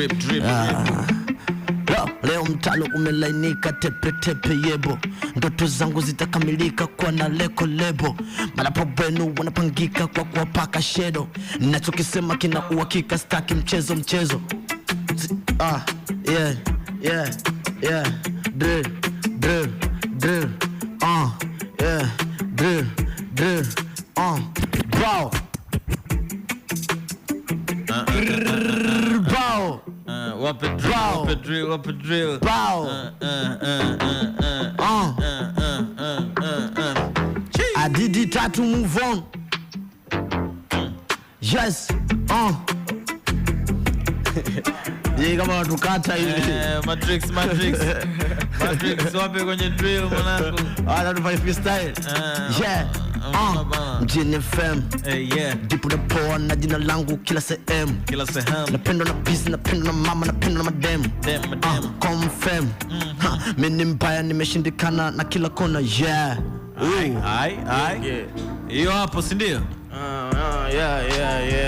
Drip, drip, ah. ah. leo mtalo umelainika tepetepe yebo, ndoto zangu zitakamilika kwa na leko lebo, malapo wenu wanapangika kwa kuwapaka shedo, nachokisema kina uhakika, staki mchezo mchezo. Ah, yeah, yeah, yeah, drip got to move on. Yes. Uh. kama watukata eh, Matrix Matrix. Matrix ah, eh, eh, na FM yeah. Dipu jina langu kila sehemu napendwa na pisi, napendwa na mama, napendwa na mademu dem, ah, madem. ni mm. mbaya, nimeshindikana na kila kona yeah Hai, hai, hai. Hiyo hapo si ndio? Uh, uh, yeah, yeah, yeah.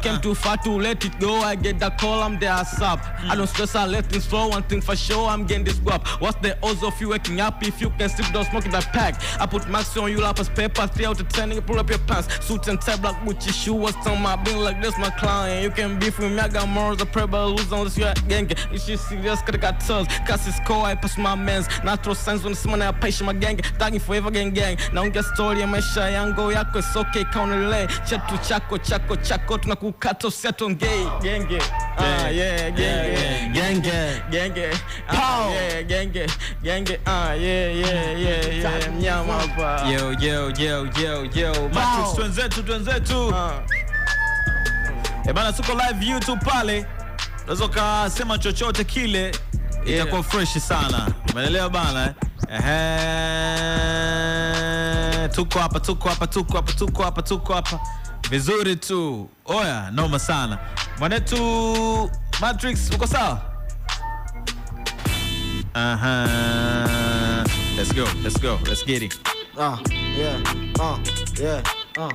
Came too far to let it go. I get that call, I'm there ASAP. I don't stress, I let things flow. One thing for sure, I'm getting this guap. What's the odds of you waking up if you can sleep, don't smoke in that pack? I put max on you, lap as paper, Three out the you pull up your pants. Suit and tie, black Gucci shoe, what's on my being like this, my client. You can beef with me, I got morals, I pray, but I lose unless you're a gang. It's just serious, cause I got tons. Cause it's cold, I pass my mans. Natural sense when someone I patient. my gang. Tagging forever, gang, gang. get story ya maisha yangu yako, it's okay, to Chetu chako, chako, chako, tunakukata usiatongei genge ah, yeah, genge genge genge genge genge yo yo yo yo yo Matrix ah. eh, tuko live YouTube pale, unaweza kasema chochote kile yeah. Itakuwa fresh sana, umeelewa bana eh? Ehe, tuko hapa tuko hapa tuko hapa tuko hapa tuko hapa vizuri tu. Oya, noma sana mwanetu. Matrix, uko sawa? huh. let's go, let's go, let's get it. Uh, yeah, uh, yeah, ah.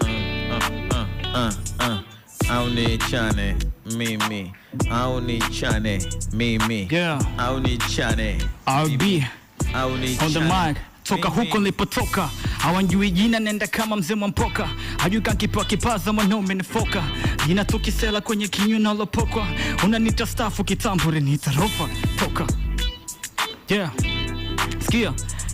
Mm, uh. Uh, uh, uh, uh. I I me me. aunichane mimi me me. yeah aunichane i'll be aunichane. on the mic toka huko nilipotoka, hawanjui jina, nenda kama mzee mwampoka, hajui kakipewa kipaza mwanaume nifoka, jina tukisela kwenye kinywa nalopokwa, unanita stafu kitambure nitarofa toka, yeah skia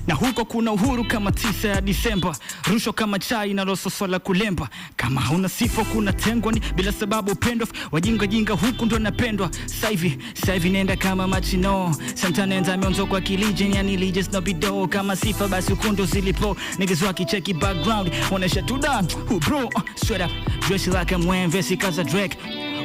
na huko kuna uhuru kama tisa ya Disemba, rushwa kama chai na lososo la kulemba. Kama hauna sifa kuna tengwa ni bila sababu pendwa, wajinga jinga huku ndo napendwa sasa hivi. Sasa nenda kama machino sometimes I'm on kwa kilijen yani religious no bido kama sifa basi ukundo zilipo niggas waki cheki background onesha tu da who bro uh, straight up dress like a mwembe sikaza Drake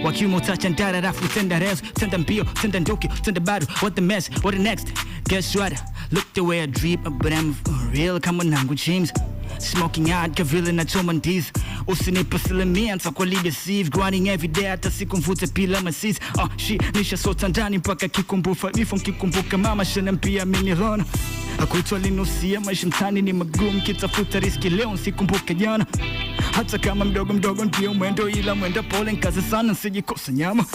wakiumo tacha ndara rafu tenda rezo tenda mbio tenda nduki tenda baru what the mess what the next guess what Look the way I drip, but I'm real kama nangu James Smoking hard kavile na choma ndizi usinipe silimia ntakwalibia sieve grinding every day hata siku mvute pila masis oh, ah, shi nisha sota ndani mpaka kikumbufa bifo nkikumbuka mama shanampia minirona akuitwa linusia maisha mtani ni magumu kitafuta riski leo nsikumbuke jana hata kama mdogo mdogo ndio mwendo ila mwenda pole nkazi sana nsijikosa nyama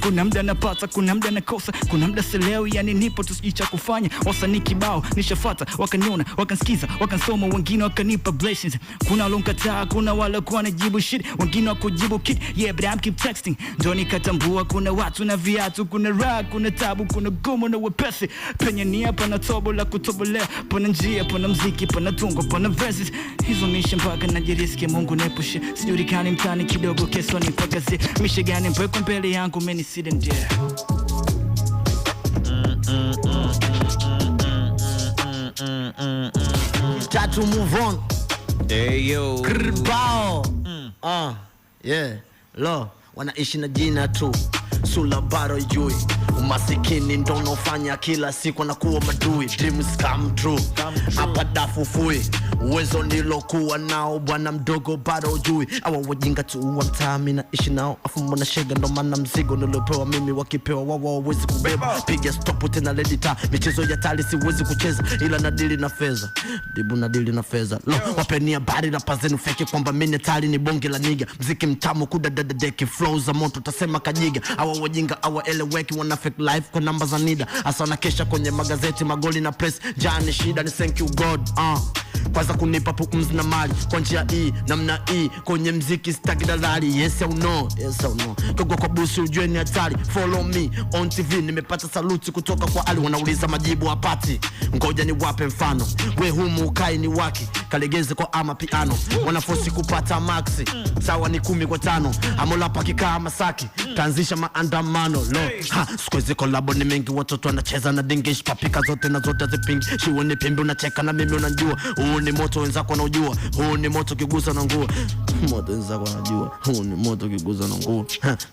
kuna mda napata, kuna mda nakosa, kuna mda sielewi, yani nipo tu sijui cha kufanya. Wasanii kibao nishafata, wakaniona, wakansikiza, wakansoma, wengine wakanipa blessings. Kuna walonkataa, kuna waliokuwa wanajibu shit, wengine wakujibu kit Yeah, but I'm keep texting. Ndo nikatambua kuna watu na viatu, kuna raha, kuna tabu, kuna gumu na wepesi. Penye nia pana tobo la kutobolea, pana njia, pana mziki, pana tungo, pana verses. Hizo mishe mpaka najiriski Mungu nepushe, sijulikani mtani kidogo, kesho nipagazie mishe gani mbwekwa mbele yangu meni ni Sid and Try to move on. Hey yo. Krbao. Mm. Uh, yeah. Lo, wanaishi na jina tu. Sula baro yui. Umasikini ndo unaofanya kila siku na kuwa madui. Dreams come true. Hapa dafufui uwezo nilokuwa nao bwana mdogo, bado ujui awa wajinga tu wa mtaani naishi nao, afu mbona shega, ndo maana mzigo nilopewa mimi wakipewa wawa wawezi kubeba. Piga stopu tena, lady ta michezo ya tali siwezi kucheza, ila nadili na fedha, dibu nadili na fedha. Lo, wapeni habari rapa zenu feki kwamba mine tali ni bonge la niga, mziki mtamu kudadadeki, flow za moto tasema kajiga. Awa wajinga awa eleweki, wana fake life kwa namba za nida, hasa na kesha kwenye magazeti magoli na press jani shida ni thank you God uh kwanza kunipa pumzi na mali kwa njia hii namna hii kwenye mziki sitaki dalali yes au no yes au no kogwa kwa busi ujue ni hatari follow me on tv nimepata saluti kutoka kwa ali wanauliza majibu hapati ngoja ni wape mfano we humu ukai ni waki kalegeze kwa ama piano wanafosi kupata maxi sawa ni kumi kwa tano amolapa kikaa masaki tanzisha maandamano lo ha sikuwezi kolabo ni mengi watoto anacheza na dingish papika zote na zote zipingi shiwo ni pimbi unacheka na mimi unajua huu ni moto wenzako wanaujua huu ni moto kigusa na nguo moto wenzako wanajua huu ni moto kigusa na nguo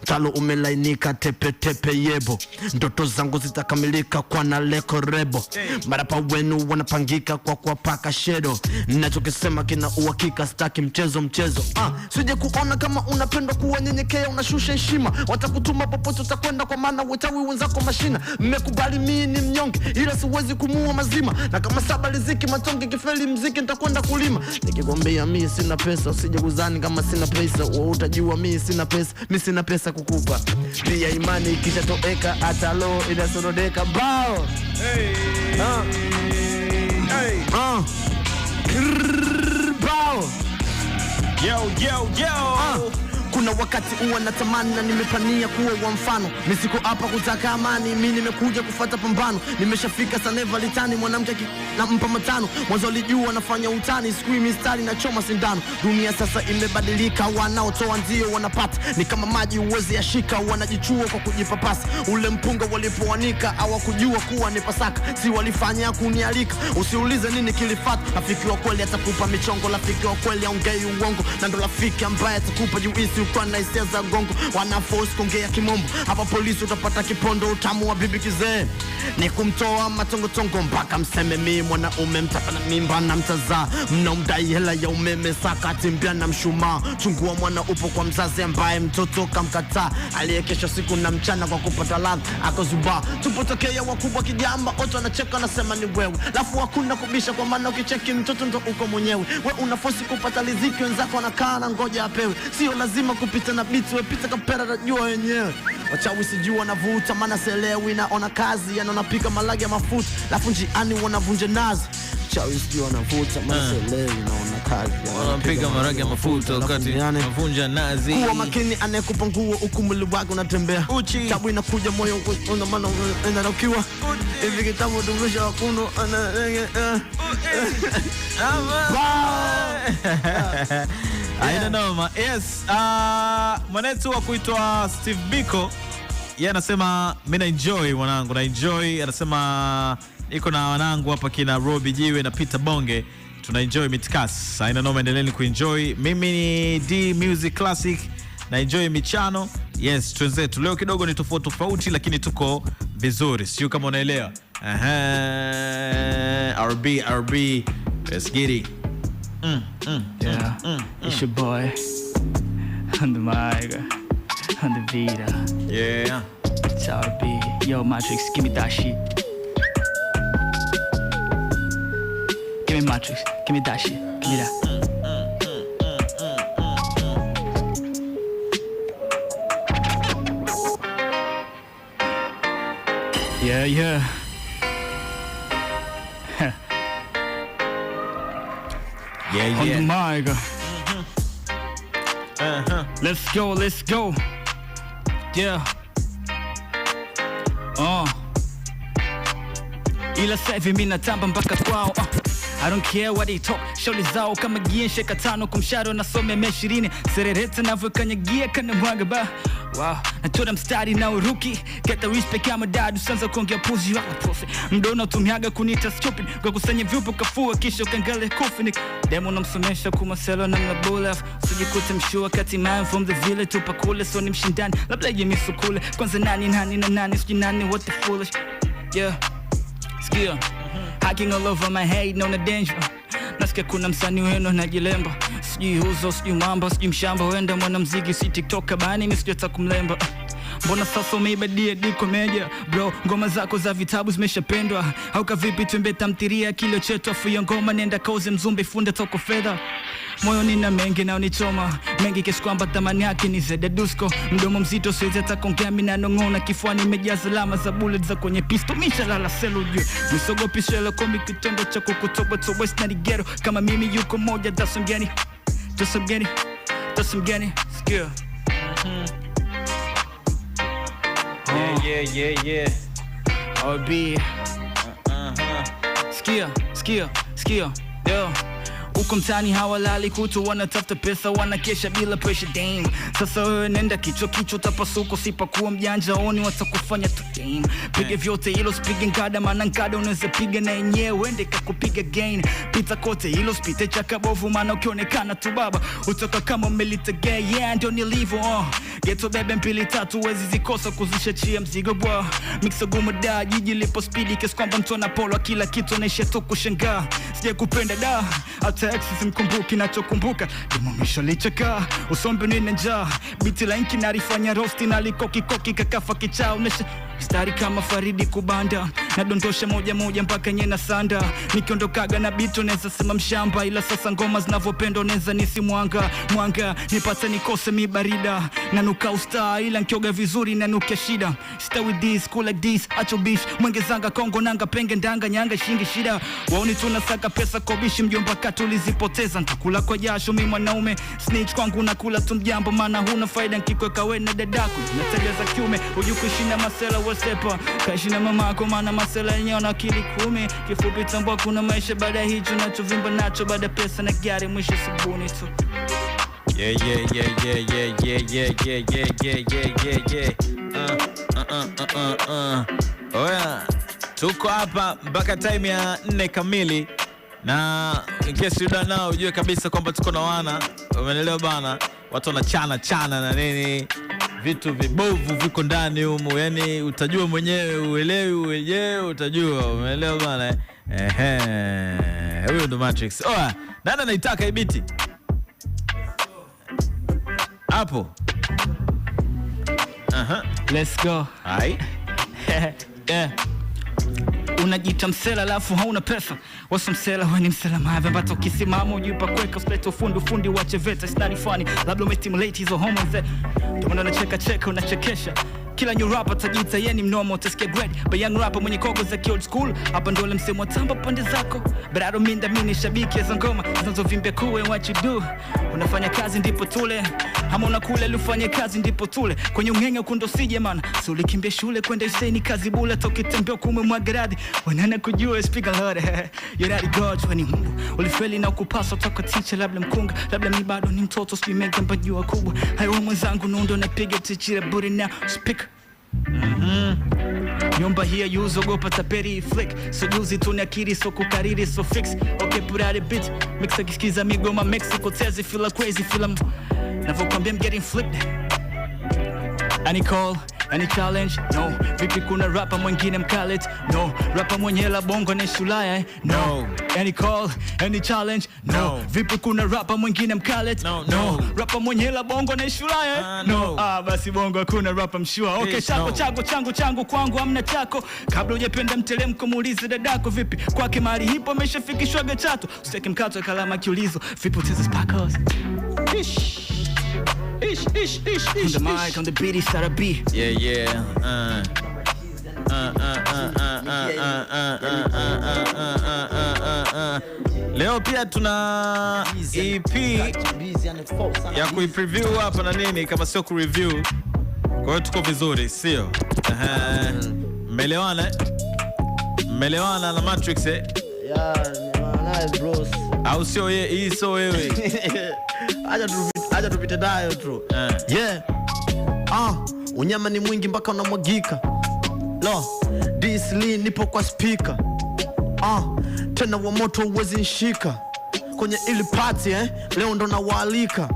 talo umelainika tepe tepe yebo ndoto zangu zitakamilika kwa naleko rebo marapa wenu wanapangika kwa kuwapaka shedo na ninachokisema kina uhakika, staki mchezo mchezo. Ah, sije kuona kama unapendwa kuwanyenyekea, unashusha heshima, watakutuma popote utakwenda, kwa maana wetawi wenzako mashina. Mmekubali mimi ni mnyonge, ila siwezi kumua mazima, na kama saba riziki matonge, kifeli mziki nitakwenda kulima. nikigombea mimi sina pesa, usije kuzani kama sina pesa, wewe utajua mimi sina pesa, mimi sina pesa kukupa pia. Imani ikishatoweka hata roho inasorodeka bao. Hey. Ah. Hey. Ah. Yo, yo, yo. Uh. Kuna wakati huwa natamani na nimepania kuwa wa mfano, nisiko hapa kutaka amani, mi nimekuja kufata pambano. Nimeshafika saneva mwanamke nampa matano, mwanzo alijua nafanya utani, siku hii mistari na choma sindano. Dunia sasa imebadilika, wanaotoa ndio wanapata, ni kama maji uwezi yashika, wanajichua kwa kujipapasa. Ule mpunga walipoanika hawakujua kuwa ni Pasaka, si walifanya kunialika. Usiulize nini kilifata, rafiki wa kweli atakupa michongo, rafiki wa kweli aongei uongo, na ndo rafiki ambaye atakupa juisi kutwa na hisia za gongo, wanafosi kuongea kimombo. Hapa polisi utapata kipondo, utamu wa bibi kizee ni kumtoa matongotongo mpaka mseme mi mwanaume mtapana mimba na mtazaa, mnamdai hela ya umeme, sakati mbia na mshumaa. Chungua mwana upo kwa mzazi ambaye mtoto kamkataa, aliyekesha siku na mchana kwa kupata ladha akazubaa. Tupotokea wakubwa kijamba, wote wanacheka wanasema ni wewe, lafu hakuna kubisha, kwa maana ukicheki mtoto ndo uko mwenyewe. We unafosi kupata liziki wenzako wanakaa na ngoja apewe, sio lazima kupita na biti wepita kapera na jua wenyewe wachawi sijui wanavuta mana selewi naona kazi yananapika malagi ya mafuta lafu njiani wanavunje nazi chawi sijui wanavuta mana ah. selewi naona kazi yaani wanapiga maragi ya mafuta wakati wanavunja nazi kuwa makini anayekupa nguo huku mwili wake unatembea uchi tabu inakuja moyo unamana inanakiwa hivi kitabu dumisha wakuno anarege Haina noma. Yes, uh, mwanetu wa kuitwa Steve Biko ye anasema mimi na enjoy mwanangu, na enjoy anasema iko na wanangu hapa kina Robi Jiwe na Peter Bonge tuna enjoy mitkasi. Haina noma, endeleeni kuenjoy. Mimi ni D Music Classic na enjoy michano. Yes, twenzetu leo kidogo ni tofauti tofauti, lakini tuko vizuri, sio kama unaelewa. RB RB, let's get it. Mm, mm, yeah, mm, mm, mm, it's your boy on the mic, on the Vita. Yeah, it's our RB. Yo, Matrix, give me that shit. Give me Matrix, give me that shit, give me that. Yeah, yeah. On the mic. uh -huh. Uh-huh. Let's go, let's go. Yeah. Oh. Ila sasa hivi mimi natamba mpaka kwao. Uh. I don't care what they talk. Shauli zao kama gia sheka tano kumsharo nasome mia ishirini sererete navyokanyagia kana mwaga ba natura mstari na uruki keta respect kama dadu sanza kuongea puzi wala profi mdo unatumiaga kunita stupid kwa kusanya vyupa kafua kisha ukangale kufini demo namsomesha kumaselo na mabula usijikute mshua kati mayo from the village tupakule so ni mshindani labda yemisu misukule kwanza nani nani na nani sijui nani what the foolish yeah skill mhm. hacking all over my head naona danger nasikia kuna msanii wenu anajilemba sijui uzo sijui mwamba sijui mshamba wenda mwanamziki si tiktoka bani mi sijota kumlemba Mbona sasa umeibadia diko meja bro, ngoma zako za vitabu zimeshapendwa au kavipi? Twembe tamthiria kilio chetu, afu ya ngoma nienda kauze mzumbe, funde toko fedha moyo nina mengi nao nichoma mengi kesi kwamba thamani yake ni zede Mdomo mzito siwezi hata kuongea, mimi nanong'ona, kifuani imejaza zalama za bulet za kwenye pisto, mishalala selo juu misogopi shelo kitendo cha kukutobotobo sina kama mimi yuko moja dasongeani To some geny, to some geny, skill. Yeah, yeah, yeah, yeah. OB. Uh-huh. Skill, skill, skill, yeah. huko mtaani hawalali kutu, wanatafuta pesa, wanakesha bila presha. Dame, sasa wewe nenda kichwa kichwa, utapasuka usipokuwa mjanja, oni watakufanya tu. Dame, piga vyote hilo, usipige ngada, maana ngada unaweza piga na yenyewe wende kakupiga gain. Pita kote hilo, spite chaka bovu, maana ukionekana tu baba utoka kama umelitegea. Yeah, ndio nilivyo uh. Geto bebe mbili tatu, wezi zikosa kuzisha chia mzigo bwa mixo gumu da jiji lipo spidi kiasi kwamba mtu anapolwa kila kitu, naisha tu kushangaa, sija kupenda da hata teksi simkumbuki, nachokumbuka domo mwisho licheka usombe nina njaa biti lainki narifanya rosti naliko kakafa kichaa unesha stari kama Faridi kubanda nadondosha moja moja mpaka nye na sanda nikiondokaga na bito naweza sema mshamba, ila sasa ngoma zinavyopendwa naweza nisi mwanga mwanga nipata nikose mi barida nanuka usta, ila nkioga vizuri nanukia shida star with this cool like this acho bish mwenge zanga kongo nanga penge ndanga nyanga shingi shida waoni tunasaka pesa kobishi mjomba katulizipoteza ntakula kwa jasho mi mwanaume snitch kwangu nakula tu mjambo maana huna faida nkikweka we na dadako za kiume hujukuishina masela wasepa kaishi na mama yako, maana masela yenyewe na akili kumi. Kifupi tambua kuna maisha baada ya hicho unachovimba nacho, baada ya pesa na gari, mwisho sabuni tu. Yeah, yeah, yeah, yeah, yeah, yeah, yeah, yeah, yeah, yeah, yeah, yeah. Uh, uh, uh, uh, uh. Oya, tuko hapa mpaka time ya nne kamili na in case you don't know, ujue kabisa kwamba tuko na wana, umeelewa bana, watu wanachana chana na nini vitu vibovu viko ndani humu, yani utajua mwenyewe, uelewi wenyewe, utajua. Umeelewa bana? Ehe, huyo ndo Matrix. Oa, nani anaitaka ibiti hapo? Aha, let's go. Hai. yeah. Unajita msela alafu hauna pesa. Wasa msela wewe ni msela mavi mbata ukisimama ujui pa kweka, usilete ufundi ufundi wa veta it's fani Labda umestimulate hizo hormones that. Eh. Ndio unacheka cheka unachekesha. Kila new rapper tajita yeni mnomo utasikia great. But young rapper mwenye kogo za old school, hapa ndio msemo tamba pande zako. But I don't mean that mimi ni shabiki za ngoma, zinazovimbia kuwe what you do unafanya kazi ndipo tule, ama unakula ili ufanye kazi ndipo tule. Kwenye ungenge kundo sije mana si ulikimbia shule kwenda Huseni kazi bula, tokitembea kumwe mwagaradi wanana kujua speaker lord eh, eh. yorari god wani Mungu ulifeli na ukupaswa toka ticha, labda mkunga, labda mi bado ni mtoto, sijui mega mbajua kubwa hayo mwenzangu nundo napiga tichira buri na speak mm -hmm here yuzogopa taperi flick so juzi tunakiri so kukariri so fix okay put out a bit mix amigo my mexico it feel like crazy feel I'm come I'm getting flipped any call any challenge no vipi kuna rapa mwingine mkalit no rapa mwenye la bongo ni shulaya no any call any challenge no vipi kuna rapa mwingine mkalit no, no. rapa mwenye la bongo ni shulaya ah, no ah, basi bongo kuna rapa mshua okay chako chako changu changu kwangu amna chako kabla hujapenda mtelemko muulize dadako vipi kwake mahali hipo ameshafikishwaga gachato usiteke mkato kalama kiulizo vipi utezi spakos Fish ish, ish, ish, ish, ish. on the mic, on the beat, it's Sarah B. Yeah, yeah. Uh. Leo pia tuna EP ya kuipreview hapa na nini, kama sio kureview. Kwa hiyo tuko vizuri, sio? Mmelewana? Mmelewana na Matrix eh? Yeah, au sio? Hii sio wewe. Acha tu acha tupite nayo tu eh. Yeah. Ah, unyama ni mwingi mpaka unamwagika. Lo, disli nipo kwa spika. Ah, tena wa moto uwezi nshika kwenye ili party eh, leo ndo nawaalika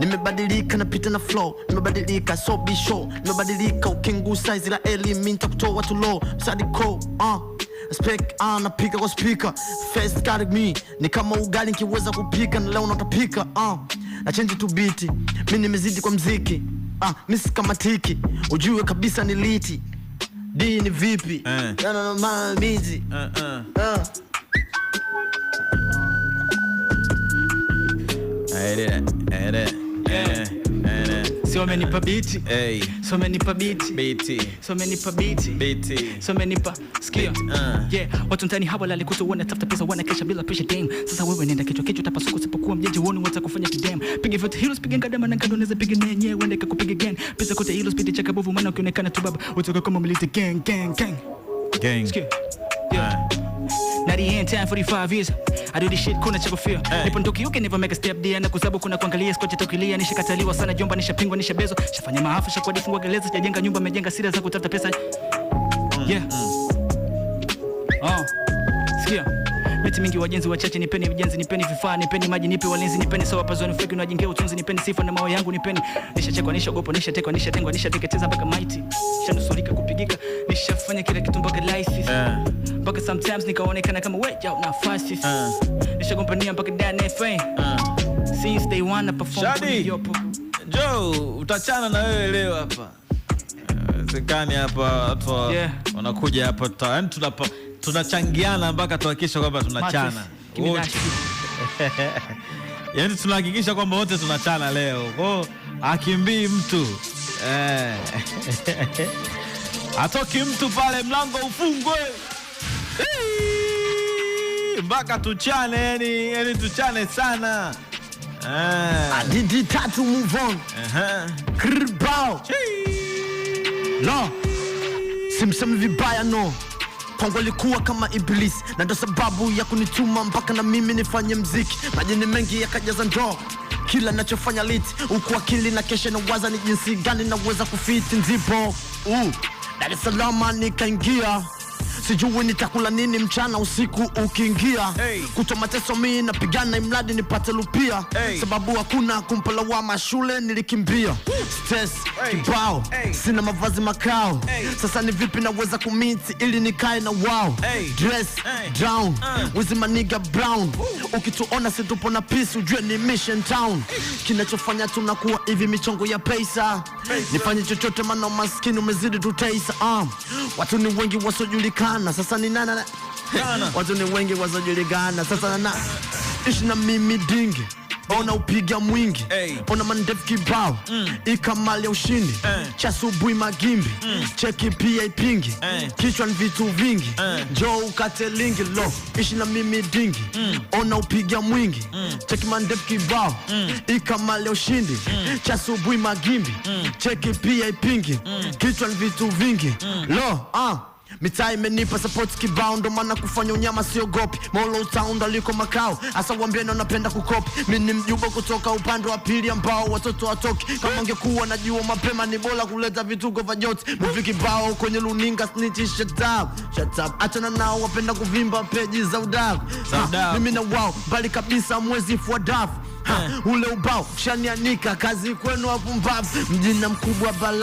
Nimebadilika, napita na flow, nimebadilika so be sure nimebadilika. ukingu size la elimi nitakutoa watu low sadiko ah uh spek anapika kwa spika face card me ni kama ugali nikiweza kupika na leo natapika uh, ah. na change to beat mi nimezidi kwa mziki uh, mi sikamatiki ujue kabisa ni liti d ni vipi uh. Eh. yana na mizi uh, eh, uh. Eh. uh. Ah. Aere, aere. So many pa beat. hey. so many pa beat. Beat. so many pa beat. Beat. so many pa skill. uh. yeah watu mtani hawa lali kuto wana tafuta pesa wana kesha bila pressure game sasa wewe nenda kichwa kichwa utapasuka usipokuwa mjeje wata kufanya kidem piga vyote hilo spige ngadama na ngado naweza piga nenye wende kakupiga gang pesa kote heroes spidi chaka bovu maana ukionekana tu baba utoka kama mlite gang gang gang gang Skill. yeah uh na the end time 45 years I do this shit kuna cha kufia hey. Nipo ndokiuke never make a step dia na kusabu kuna kuangalia skocha tokilia nishakataliwa sana jomba nishapingwa nishabezo shafanya maafa shakuwa difungwa gereza sijajenga nyumba mejenga sira za kutafuta pesa mm. yeah mm. oh sikia Miti mingi wajenzi wachache, nipeni vijenzi, nipeni vifaa, nipeni maji, nipe walinzi, nipeni sawa pazoni, feki unajengea utunzi, nipeni sifa na mawe yangu, nipeni nishachekwa, nishaogopa, nishatekwa, nishatengwa, nishateketeza mpaka maiti, nishanusurika kupigika, nishafanya kila kitu mpaka license yeah mpaka sometimes nikaonekana kama weja una nafasi uh. nishagombania mpaka ndani fame uh. since they one na perform shadi Jo, utachana na wewe leo hapa zekani uh, hapa watu wanakuja hapa yani tunachangiana mpaka tuhakikisha kwamba tunachana wote yani tunahakikisha kwamba wote tunachana leo kwao akimbii mtu eh. atoki mtu pale mlango ufungwe mpaka tuchane, yani yani tuchane sana. Ah. Eh. Adidi tatu move on. -huh. Kribao. No. Simsemi vibaya no kwangu alikuwa kama iblis na ndo sababu ya kunituma mpaka na mimi nifanye mziki. Majini mengi yakajaza ndoo kila nachofanya liti huku akili na kesha waza ni jinsi gani naweza kufiti ndipo uh, Dar es Salaam nikaingia sijui nitakula nini mchana usiku ukiingia hey. Kutwa mateso mii napigana imradi nipate lupia hey. Sababu hakuna kumpa lawama, shule nilikimbia stress hey. Kibao hey. Sina mavazi makao hey. Sasa ni vipi naweza kumiti ili nikae na wao hey. Dress hey. down uh. Wizimaniga brown Woo. Ukituona situpo na peace ujue ni mission town Kinachofanya tunakuwa hivi michongo ya pesa nifanye chochote, maana umaskini umezidi tuteisa um. Watu ni wengi wasojulikana kujulikana sasa ni nana na watu ni wengi wazojulikana sasa na ishi na mimi dingi ona upiga mwingi hey. ona mandefu kibao mm. ikamali ya ushindi hey. Eh. cha subuhi magimbi mm. cheki pia ipingi hey. Eh. kichwa ni vitu vingi hey. Eh. njoo ukate lingi lo ishi na mimi dingi mm. ona upiga mwingi mm. cheki mandefu kibao mm. ikamali ya ushindi mm. cha subuhi magimbi mm. cheki pia ipingi mm. kichwa ni vitu vingi mm. lo ah mitaa imenipa support kibao, ndo maana kufanya unyama siogopi. Molo aliko makao, hasa wambia ndo napenda kukopi. Mi ni mjuba kutoka upande wa pili ambao watoto watoki. Kama angekuwa najua mapema, ni bora kuleta vituko vya jote. Muvi kibao kwenye luninga snitch, shut up, shut up. nao wapenda kuvimba peji za udaku. Mimi na wao mbali kabisa, mwezi fua dafu eh. ule ubao shanianika kazi kwenu wapumbavu, mjina mkubwa bala